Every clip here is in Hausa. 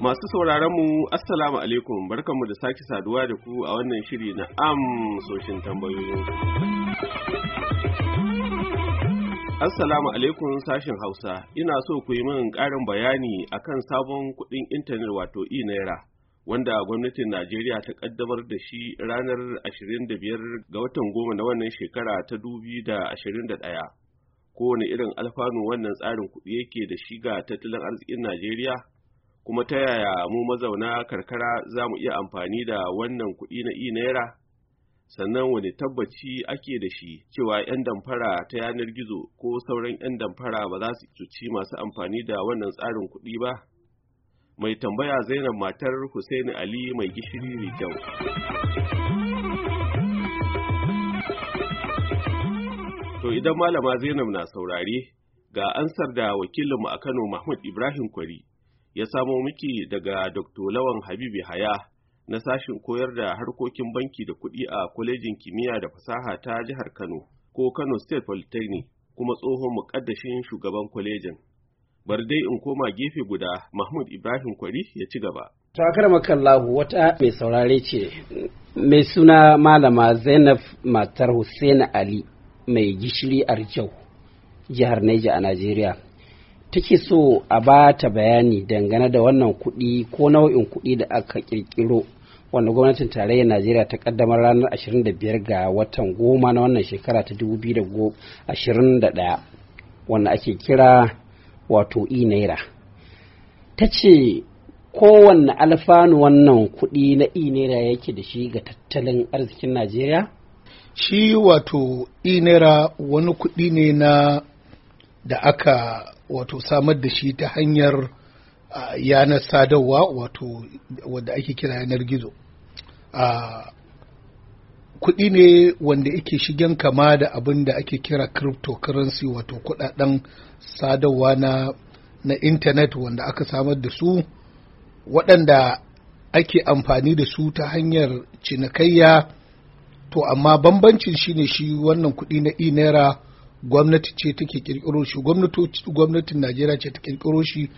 Masu sauraron mu Assalamu alaikum barkanmu da sake saduwa da ku a wannan shiri na amsoshin tambayoyin. Assalamu alaikum sashin Hausa, ina so ku yi min ƙarin bayani akan sabon kuɗin intanet wato e-naira. wanda gwamnatin Najeriya ta ƙaddamar da shi ranar 25 ga watan goma na wannan shekara ta 2021. Kowane irin alfanu wannan tsarin kuɗi yake da shiga tattalin arzikin Najeriya kuma ta yaya mu mazauna karkara za mu iya amfani da wannan kuɗi na i naira sannan wani tabbaci ake da shi cewa 'yan damfara ta yanar gizo ko sauran 'yan damfara ba za su cuci masu amfani da wannan tsarin kuɗi ba mai tambaya zainab matar Hussaini ali mai gishiri kyau. to idan malama zainab na saurare ga ansar da wakilinmu a kano mahmud ibrahim kwari ya samo miki daga Dr. Lawan Habib Haya na sashin koyar da harkokin banki da kuɗi a kwalejin kimiyya da fasaha ta jihar Kano ko Kano State Polytechnic kuma tsohon muƙaddashin shugaban kwalejin. Bar dai in koma gefe guda Mahmud Ibrahim Kwari ya ci gaba. Takarma makallahu wata mai saurare ce mai suna malama Zainab matar Hussein Ali mai gishiri Arjau jihar Neja a Najeriya. take so a ba ta bayani dangane da wannan kuɗi ko nau'in kuɗi da aka ƙirƙiro wanda gwamnatin tarayyar najeriya ta kaddamar ranar 25 ga watan goma na wannan shekara ta 2021 wanda ake kira wato e naira ta ce kowanne alfanu wannan kuɗi na e naira yake da shi ga tattalin arzikin najeriya shi wato e naira wani kuɗi ne na da aka wato samar da shi ta hanyar yanar sadarwa wato wadda ake kira yanar gizo kuɗi ne wanda yake shigen kama da abin da ake kira cryptocurrency wato kuɗaɗen sadarwa na na intanet wanda aka samar da su waɗanda ake amfani da su ta hanyar cinikayya to amma bambancin shine shi wannan kuɗi na e-naira gwamnati ce take kirkiro shi gwamnatin najeriya ce ta kirkiro shi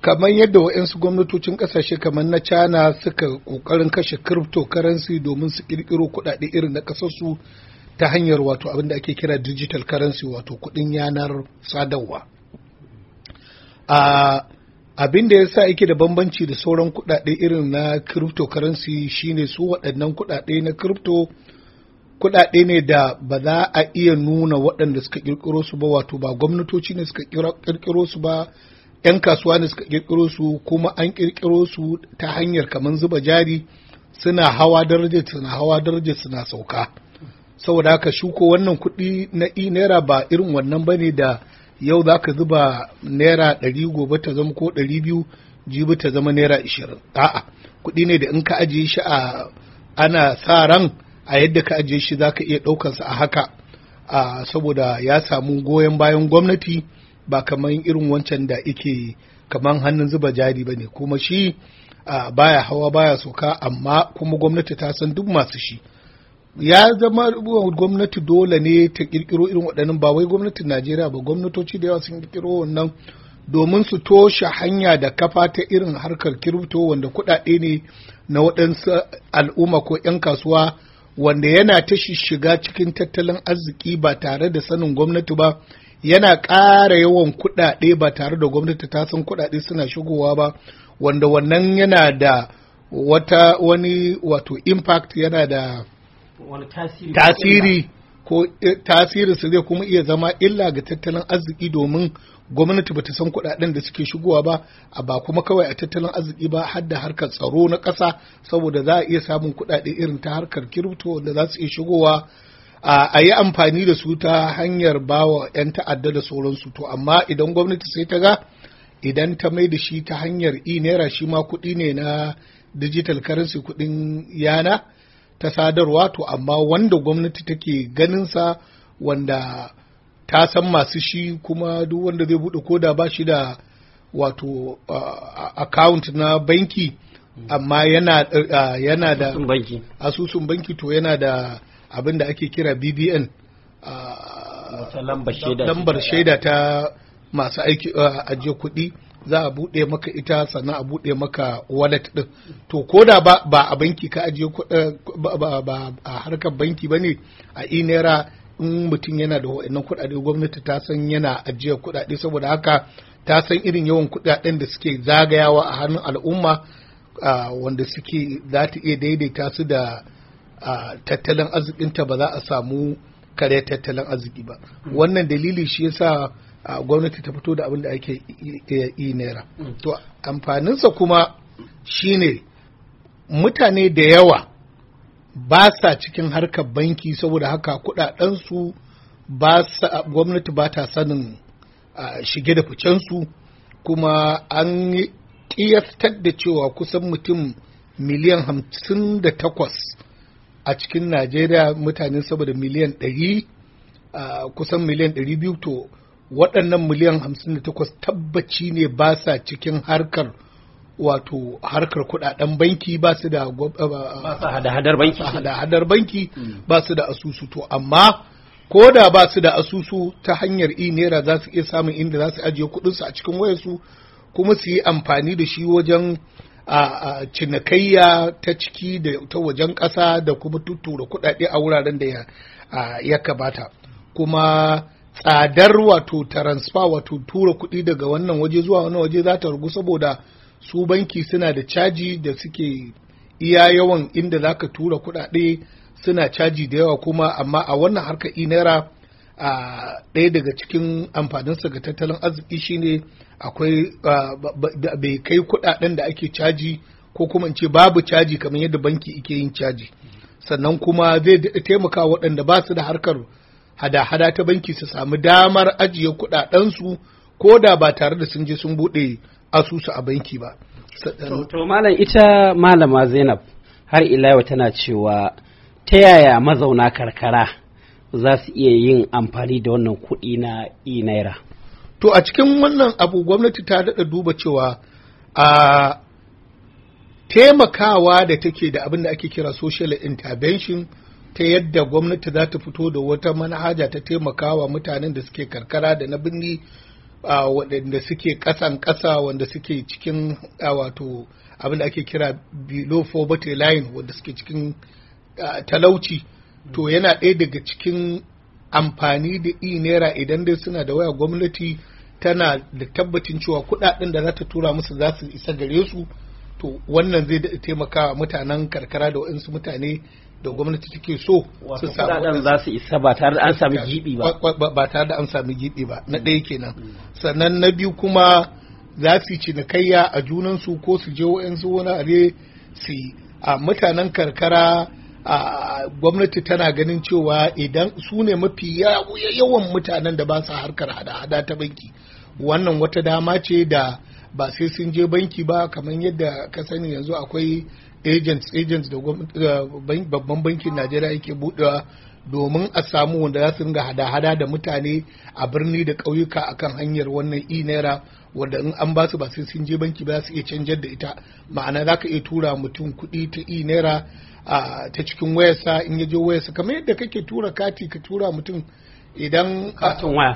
kamar yadda waɗansu gwamnatocin ƙasashe kamar na china suka ƙoƙarin kashe cryptocurrency domin su ƙirƙiro kuɗaɗe irin na kasarsu ta hanyar wato abin da ake kira digital currency wato kuɗin yanar sadarwa a abin da ya sa yake da bambanci da sauran kuɗaɗe irin na cryptocurrency shine su waɗannan kuɗaɗe na crypto kuɗaɗe ne da ba za a iya nuna waɗanda suka ƙirƙiro su ba wato ba gwamnatoci ne suka ƙirƙiro su ba 'yan kasuwa ne suka ƙirƙiro su kuma an ƙirƙiro su ta hanyar kamar zuba jari suna hawa daraja suna hawa daraja suna sauka saboda haka shuko wannan kuɗi na i naira ba irin wannan bane da yau za ka zuba naira ɗari gobe ta zama ko ɗari biyu jibi ta zama naira ashirin a'a kuɗi ne da in ka ajiye shi a ana sa ran a yadda ka ajiye shi za ka iya ɗaukansa a haka saboda ya samu goyon bayan gwamnati ba kamar irin wancan da ike kamar hannun zuba jari ba ne kuma shi baya hawa baya soka amma kuma gwamnati ta san duk masu shi ya zama gwamnati dole ne ta kirkiro irin waɗannan ba wai gwamnatin najeriya ba gwamnatoci da yawa sun kirkiro wannan domin su toshe hanya da kafa ta irin harkar kirifto wanda kuɗaɗe ne na waɗansu al'umma ko 'yan kasuwa wanda yana ta shiga cikin tattalin arziki ba tare da sanin gwamnati ba yana ƙara yawan kuɗaɗe ba tare da gwamnati ta san kuɗaɗe suna shigowa ba wanda wannan yana da wata wani wato impact yana da tasiri ko eh, tasiri su zai kuma iya zama illa ga tattalin arziki domin gwamnati bata san kuɗaɗen da suke shigowa ba a ba kuma kawai a tattalin arziki ba har da harkar tsaro na ƙasa saboda za a iya samun kuɗaɗe irin ta harkar kirifto da za su iya shigowa a yi amfani da su ta hanyar bawa 'yan ta'adda da sauransu to amma idan gwamnati sai ta ga idan ta mai da shi ta hanyar e naira shi ma kuɗi ne na digital currency kuɗin yana ta sadarwa to amma wanda gwamnati take ganin sa wanda ta san masu shi kuma duk wanda zai buɗe koda ba shi da wato account na banki amma yana yana da asusun banki Asusun banki to yana da abin da ake kira BBN lambar shaida ta masu aiki ajiye kuɗi za a buɗe maka ita sannan a buɗe maka wallet ɗin to ko da ba a banki ka ajiye ba a harkar banki bane ne a inera in mutum yana da wa'annan kuɗaɗe gwamnati ta san yana ajiyar kuɗaɗe saboda haka ta san irin yawan kuɗaɗen da suke zagayawa a hannun al'umma wanda suke za ta iya daidaita su da tattalin arzikinta ba za a samu kare tattalin arziki ba hmm. wannan dalili shi yasa gwamnati ta fito da abin da ake yi naira hmm. to amfaninsa kuma shine mutane da yawa ba sa cikin harkar banki saboda haka kudadensu ba sa gwamnati ba ta sanin shige da ficensu kuma an kiyastar da cewa kusan mutum miliyan hamsin da takwas a cikin najeriya mutane saboda miliyan ɗari kusan miliyan ɗari biyu to waɗannan miliyan hamsin da takwas tabbaci ne ba sa cikin harkar wato harkar kudaden banki ba su da hada-hadar banki hada banki hmm. ba su da asusu to amma ko da ba su da asusu ta hanyar i naira za su iya samun inda za su ajiye kudinsu a cikin wayarsu kuma su yi amfani da shi wajen a cinikayya ta ciki da ta wajen ƙasa da kuma tuttura kudade a wuraren da ya kabata kuma tsadar wato transfer wato tura kuɗi daga wannan waje zuwa wannan waje za ta rugu saboda su banki suna da caji da suke iya yawan inda za ka tura kuɗaɗe suna caji da yawa kuma amma a wannan harka naira a ɗaya daga cikin amfaninsa ga tattalin arziki shine akwai bai kai kuɗaɗen da ake caji ko kuma in ce babu caji kamar yadda banki ike yin caji sannan kuma zai taimaka waɗanda ba su da harkar hada-hada ta banki su samu damar ajiye kuɗaɗensu ko da ba tare da sun je sun bude asusu a banki ba. To malam ita malama Zainab har ilawa tana cewa ta yaya mazauna karkara za su iya yin amfani da wannan kuɗi na e naira. To a cikin wannan abu gwamnati ta daɗa duba cewa a taimakawa da take da abin da ake kira social intervention ta yadda gwamnati za ta fito da wata manhaja ta taimakawa mutanen da suke karkara da na birni uh, waɗanda suke ƙasan ƙasa wanda suke cikin uh, wato abin da ake kira below poverty line wanda suke cikin uh, talauci to yana ɗaya daga cikin amfani da i naira idan dai suna da waya gwamnati tana da tabbacin cewa kuɗaɗen da za ta tura musu za su isa gare su to wannan zai taimaka mutanen karkara da waɗansu mutane da gwamnati take so su samu za su isa ba tare da an sami gibi ba ba tare da an sami gibi ba na mm. ɗaya kenan mm. sannan na biyu kuma za su cinikayya a junan su ko su je wa'yansu are su a mutanen karkara a gwamnati tana ganin cewa idan su ne mafi yawan mutanen da ba su harkar hada-hada ta banki wannan wata dama ce da ba sai sun je banki ba kamar yadda ka sani yanzu akwai agents agents da babban bankin najeriya yake budewa domin a samu wanda za su ringa hada-hada da mutane a birni da ƙauyuka akan hanyar wannan e naira wanda in an ba su ba sai sun je banki ba su iya canjar da ita ma'ana za ka iya tura mutum kuɗi ta e naira ta cikin wayarsa in ya je wayarsa kamar yadda kake tura kati ka tura mutum idan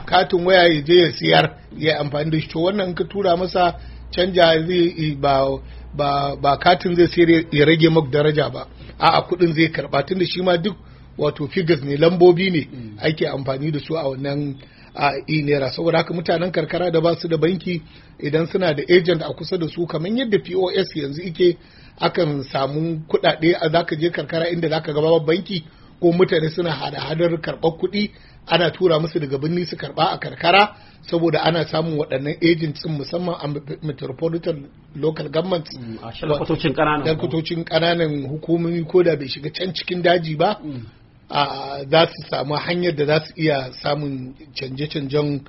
katin waya ya je ya siyar ya amfani da shi to wannan ka tura masa canja zai ba ba ba katin zai sai ya rage mak daraja ba a'a kuɗin zai karba da shi ma duk wato figures ne lambobi ne mm. ake amfani da su a wannan a inera saboda haka mutanen karkara da ba su da banki idan suna da agent a kusa da su kamar yadda pos yanzu ike akan samu kuɗaɗe a zaka je karkara inda zaka ga banki ko mutane suna hada-hadar karɓar kuɗi ana tura musu daga birni su karba a karkara saboda ana samun waɗannan agents musamman a metropolitan local government mm, a kutocin ƙananan hukumomi ko da bai shiga can cikin daji ba mm. za su samu hanyar da za su iya samun canje-canjen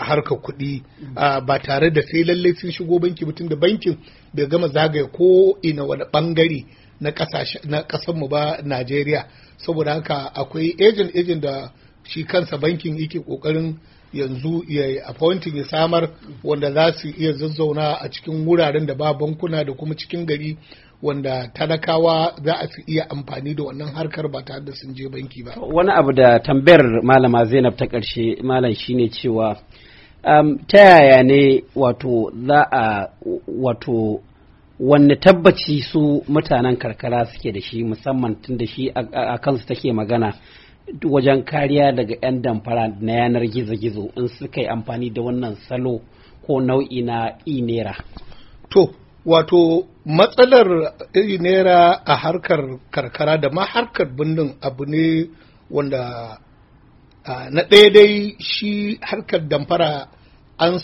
harkar kuɗi mm. ba tare da sai lallai sun shigo banki mutum da bankin bai gama zagaya ko ina wani ɓangare na ƙasar ba Najeriya saboda haka akwai agent agent da shi kansa bankin yake kokarin yanzu ya yi appointing ya samar wanda za su iya zazzauna a cikin wuraren da ba bankuna da kuma cikin gari wanda talakawa za a fi iya amfani da wannan harkar ba tare da sun je banki ba wani abu da tambayar malama zainab ta ƙarshe malam shine cewa um, ta yaya ne wato za a wato wanne tabbaci su mutanen karkara suke da shi musamman tun da shi a kansu take magana wajen kariya daga 'yan damfara na yanar gizo-gizo in suka yi amfani da wannan salo ko nau'i na inera to wato matsalar inera a harkar karkara da ma harkar birnin abu ne wanda na ɗaya dai shi harkar damfara an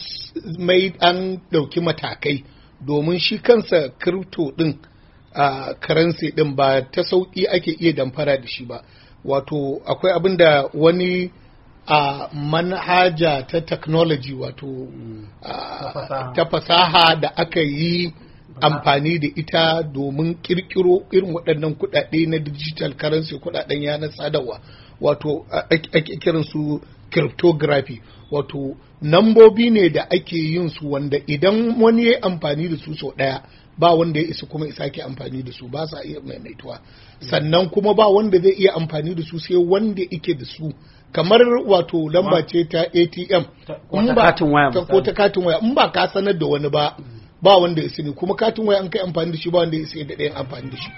mai an ɗauki matakai domin shi kansa kirto ɗin a karansi ɗin ba ta sauƙi ake iya damfara da shi ba wato akwai abin da wani a manhaja ta technology wato ta fasaha da aka yi amfani da ita domin kirkiro irin waɗannan kuɗaɗe na digital currency kuɗaɗen yanar sadarwa wato ake kiran su cryptography wato nambobi ne da ake yin su wanda idan wani ya amfani da su sau ɗaya ba wanda ya isa kuma ya sake amfani da su ba sa iya maimaituwa sannan kuma ba wanda zai iya amfani da su sai wanda yake da su kamar wato lamba ce ta atm ko ta katin waya in ba ka sanar da wani ba mm. ba wanda ya sani kuma katin waya an kai amfani da shi ba wanda ya sai da ɗayan amfani da shi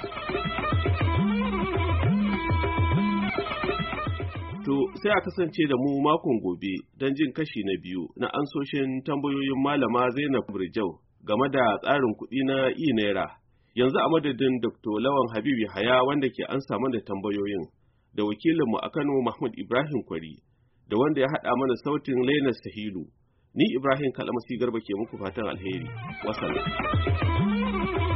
To sai a kasance da mu makon gobe don jin kashi na biyu na ansoshin tambayoyin malama Zainab Rijau game da tsarin kuɗi na e naira yanzu a madadin dr lawan habibu haya wanda ke an mana tambayoyin da wakilinmu a kano mahmud ibrahim kwari da wanda ya haɗa mana sautin lainar sahilu ni ibrahim kalamasi garba ke muku fatan alheri Wasan.